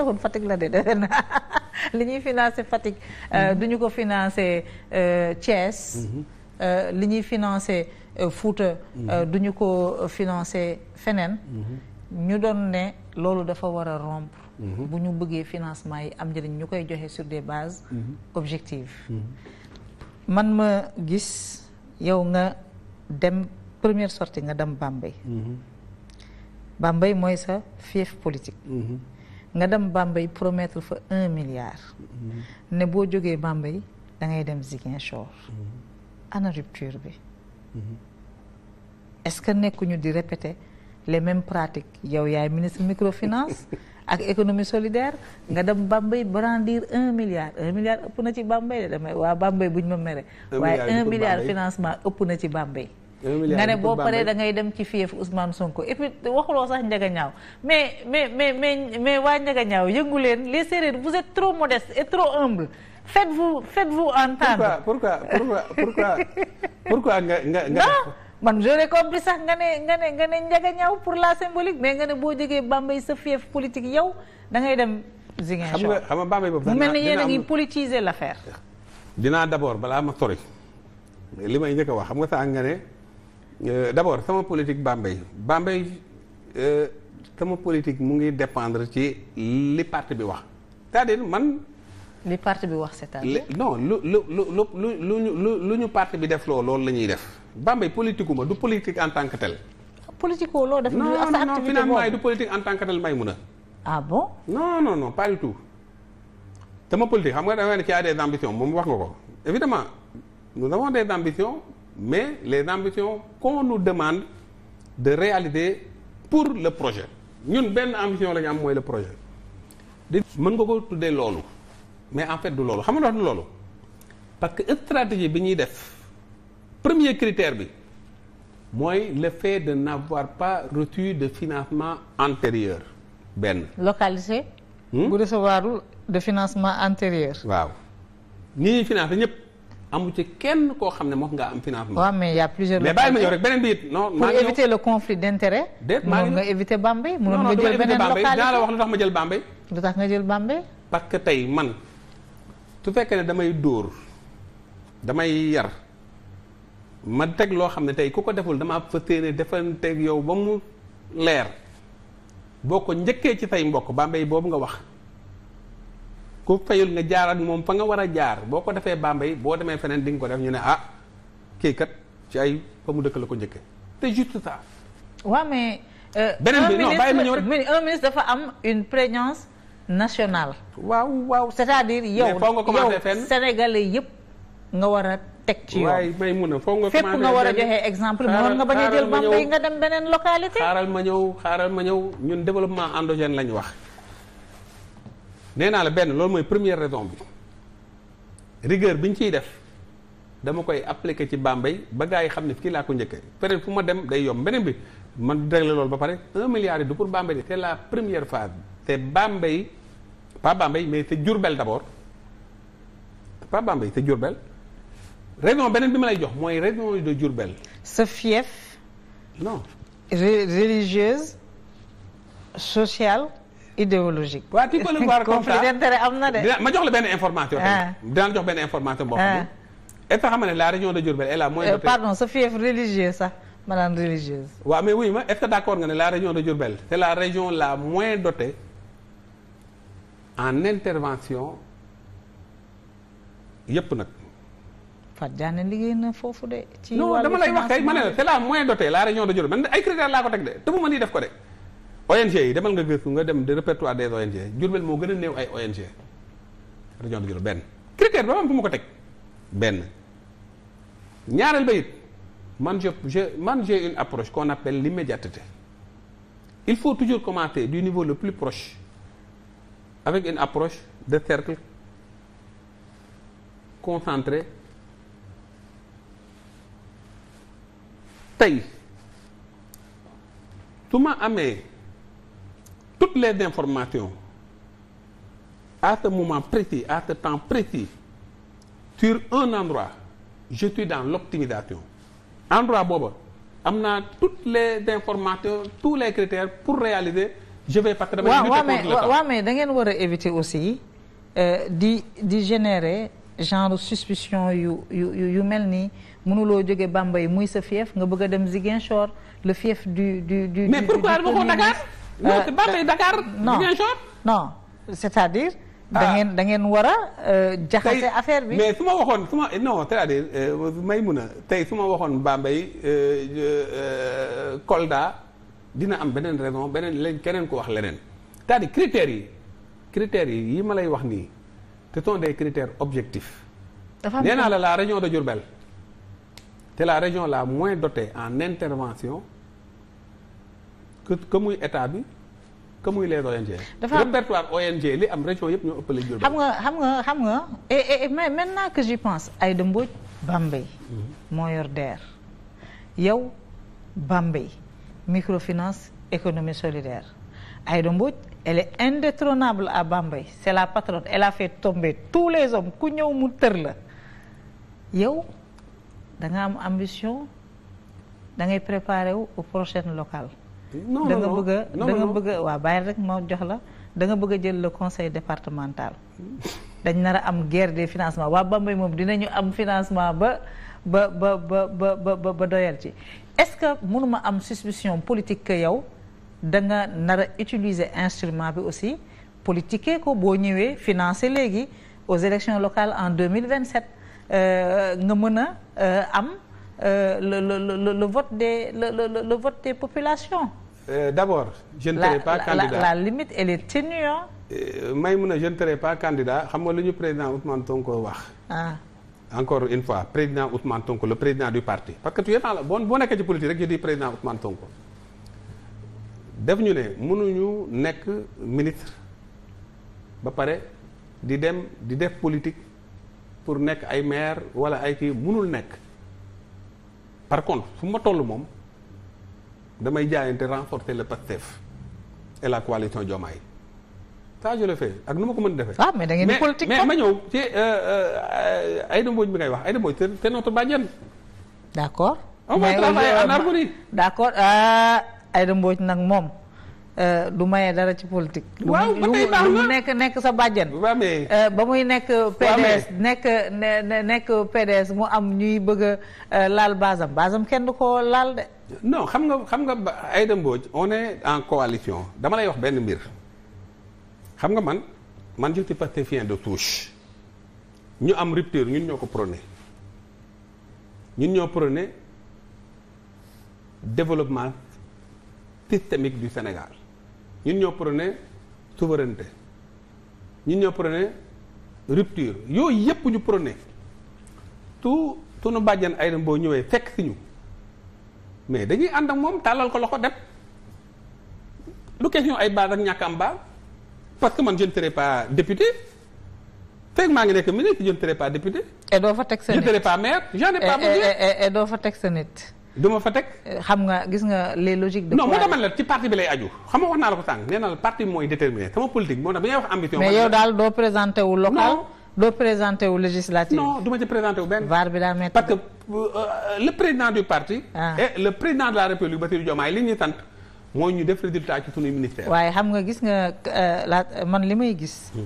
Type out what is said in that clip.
taxul Fatick la de defe naa li ñuy financé Fatick euh, mm-hmm. du ñu ko financé euh, Thiès mm-hmm. euh, li ñuy financé Fouta mm-hmm. du ñu ko financé feneen ñu doon ne loolu dafa war a rompre bu ñu bëggee financement yi am njëriñ ñu koy joxe sur des bases objectives man ma gis yow nga dem première sortie nga dem Bambey Bambey mooy sa fief politique nga dem Bambey promettre fa un milliard mm-hmm. ne boo jógee Bambey da ngay dem Ziguinchor mm-hmm. ana rupture bi mm-hmm. est-ce que nekkuñu di répéter les mêmes pratiques yow yaay ministre microfinance ak économie solidaire nga dem Bambey brandir un milliard un milliard ëpp na ci Bambey de damay waa Bambey buñ ma mere waaye un milliard financement ëpp na ci Bambey nga ne boo paree da ngay dem ci fief Ousmane Sonko et puis waxuloo sax njega ñaaw mais mais mais mais mais waa njega ñaaw yëngu leen les Sérères vous êtes trop modeste et trop humble faites-vous faites-vous en pourquoi pourquoi pourquoi pourquoi nga nga nga. man j'aurais compris sax nga ne nga nga ne njega ñaaw pour la symbolique mais nga ne boo jógee Bambey sa fief politique yow da ngay dem. Ziguinchor xam nga xam nga Bambey boobu. mel ni yéen a ngi politiser l'affaire. dinaa d'abord balaa ma sori li may njëkk a wax xam nga sax nga ne. Euh, d' abord sama politique Bambey Bambey euh, sama politique mu ngi dépendre ci li parti bi wax cest man. li parti bi wax c'est-à-dire. non lu lu lu lu lu lu ñu parti bi def loo loolu la ñuy def Bambey politique ma du politique en tant que tel. politique woo loo def. non non non finalement du politique en tant que tel may mun a. ah bon. non non non pas du tout. sama politique xam nga da nga ci a ambition ambitions moom wax nga ko évidemment nous avons des ambitions. mais les ambitions qu'on nous demande de réaliser pour le projet ñun benn ambition la ñu am mooy le projet di mën nga ko tuddee loolu mais en fait du loolu xam nga du loolu parce que stratégie bi ñuy def premier critère bi mooy le fait de n'avoir pas reçu de financement antérieur benn localité hmm? bu recevoirul de financement antérieur waaw ñi ñuy financé ñëpp amu ci kenn koo xam ne moom nga am financement. waaw mais y' a plusieurs. mais bàyyi ma ñëw rek beneen bi it le conflit d' intérêt. maa ngi nga éviter Bambey. mënoon nga jël beneen localité dinaa la wax lu tax ma jël Bambey. lu nga jël Bambey. parce que tey man su fekkee ne damay dóor damay yar ma teg loo xam ne tey ku ko deful damaa fas yéene defanteeg yow ba mu leer boo ko njëkkee ci say mbokk Bambey boobu nga wax. ku fayul nga jaar ak moom fa nga war a jaar boo ko defee Bambey boo demee feneen di ko def ñu ne ah kii kat ci ay fa mu dëkk la ko njëkkee te juste ça. waaw mais. Euh, beneen bi non bàyyi ma ñëw rek am une prégnance nationale. waaw waaw c'est-à-dire yow. mais foo nga commencé fenn yëpp nga war a. teg ci yow waay may mun a foo nga. commencé fépp nga war a joxe exemple. xaaral nga bañ a jël Bambey nga dem beneen localité. xaaral ma ñëw xaaral ma ñëw ñun développement endogène lañ wax. nee naa la benn loolu mooy première raison bi rigueur bi ñu ciy def dama koy appliquer ci Bambey ba gars yi xam ne fii laa ko njëkkee peut-être fu ma dem day yomb beneen bi man régler loolu ba pare un milliard du pour Bambey de la première phase te Bambey pas Bambey mais c'est Diourbel d'abord pas Bambey c'est Diourbel raison beneen bi ma lay jox mooy raison de Diourbel. ce fief. non. religieuse sociale. idéologique. waaw tu peux le voir comme ça conflit am na de. ma jox la benn information. Ah. dinaa jox benn information boo ah. xam ne. la région de Diourbel est la moins euh, dotée. pardon sa fief religieux sax madame religieuse. la région de la région la moins dotée en intervention yëpp nag. Fatou Diagne liggéey na foofu de. ci wàllu non dama lay wax ma ne la c'est la moins dotée la région de Diourbel man ay critères def ko de. ONG yi demal nga gëstu nga dem de répertoire des ONG Diourbel moo gën a néew ay ONG région de Diourbel benn critère ba am fu ma ko teg benn ñaareel ba it man je man j'ai une approche qu'on appelle l'immédiateté il faut toujours commencer du niveau le plus proche avec une approche de cercle concentré tey su ma amee toutes les informations à ce moment précis à ce temps précis sur un endroit je suis dans l'optimisation endroit booba am naa toutes les informations tous les critères pour réaliser je vais parce que damay lutter contre le temps waaw mais da ngeen war a éviter aussi euh, di di générer genre suspicion yu yu yu mel nii mënuloo jóge Bambey muy sa fief nga bëgg a dem Ziguinchor le fief du du du. mais pourquoi dama ko Dakar. Euh, non c'est pas tey Dakar. non non c'est-à-dire. Ah. da ngeen da ngeen war a. Euh, jaxase affaire bi mais su ma waxoon su ma non c'est-à-dire euh, may mun a tey su ma waxoon Bambey Kolda dina am beneen raison beneen lañ keneen ko wax leneen c'est-à-dire critères yi critères yi yi ma lay wax nii ce sont des critères objectifs. nee naa la la région de Diourbel c'est la région la moins dotée en intervention. que que état bi que muy les ONG. dafa am répertoire ONG li am région yëpp ñoo ëppale Diourbel. xam nga xam nga xam nga et et que j'y pense Aïda Mbodj Bambey. Mhm. moo yow Bambey microfinance économie solidaire Aïda Mbodj elle est indétrônable à Bambey c'est la patronne elle a fait tomber tous les hommes ku ñëw mu tër la yow danga am ambition da ngay préparer wu aux prochaines non da nga bëgg a da bëgg a bàyyi rek ma jox la danga nga bëgg a jël le conseil départemental dañ nar a am gerde financement financements waa Bambey moom dinañu am financement ba ba ba ba ba doyal ci est-ce que mënuma am suspicion politique que yow da nga nar a utiliser instrument bi aussi politiquer ko boo ñëwee financer léegi aux élections locales en 2027 euh, nga mën a euh, am euh, le, le le le vote des le le le euh, la, candidat la, la limite elle est ténue hein. Euh, Maïmouna je ne serai pas candidat xam nga lu ñu président Ousmane Sonko wax. ah. encore une fois président Ousmane Sonko le président du parti parce que tu es dans la boo boo nekkee ci politique rek je dis président Ousmane Sonko. def ñu ne mënuñu nekk ministre ba pare di dem di def politique pour nekk ay maire wala ay kii mënul nekk. par contre fu ma toll moom damay jaayante renforcer le Pastef et la coalition Diomaye ça je le ak nu ma ko mën defee. ah mais da ngeen di politique mais ma ñëw ci euh, euh, Aïda Mbodj bi ngay wax Aïda Mbodj c'est notre bàjjen. d'accord. on va travailler en harmonie. d'accord euh, Aïda Mbodj nag moom. Eh, du maye dara ci politique. waaw ba tey nekk nekk sa bàjjen. Eh, ba muy nekk PDS nekk nekk PDS mu am ñuy bëgg a eh, laal baasam baasam kenn du ko laal de. non xam nga xam nga Aïda Mbodj on est en coalition dama lay wax benn mbir xam nga man man je suis fien de souche ñu am rupture ñun ñoo ko ñoo prôné développement systémique du Sénégal. ñun ñoo prôné souveraineté ñun ñoo prôné rupture yooyu yépp ñu prôné tu tunu bàjjan ay boo ñëwee fekk si ñu mais dañuy ànd ak moom tàllal ko loxo dem lu question ay baal ak ñàkk am baal parce que man je ne serai pas député fekk maa ngi nekk ministre je ne serai pas député. fa teg sa nit je ne pas maire. et doo fa teg sa nit. du fa teg. xam nga gis nga les logiques. de non moo tax man la ci parti bi lay aju xam nga wax naa la ko sànq nee la parti mooy déterminé sama politique moo tax bi ngay wax ambition. mais yow daal doo présenté wu local. doo présenté wu législative. non du ma ci présenté wu benn. var bi daa métti parce que euh, euh, le président du parti. Ah. et le président de la république Bassirou Diomaye li ñu sant mooy ñu def résultat ci suñuy ministère. waaye xam nga gis nga euh, la man li may gis. Hmm.